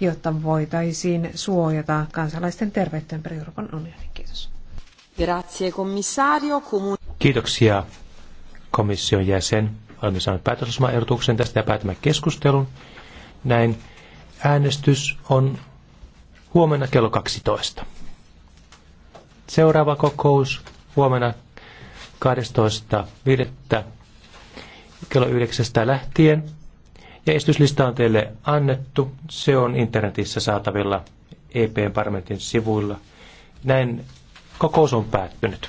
jotta voitaisiin suojata kansalaisten terveyttä ympäri Euroopan unionin. Kiitos. Grazie, komissario. Kiitoksia komission jäsen. Olemme saaneet päätöslausumaehdotuksen tästä ja päätämme keskustelun. Näin äänestys on huomenna kello 12. Seuraava kokous huomenna 12.5. kello 9 lähtien. Ja estyslista on teille annettu. Se on internetissä saatavilla EP-parlamentin sivuilla. Näin kokous on päättynyt.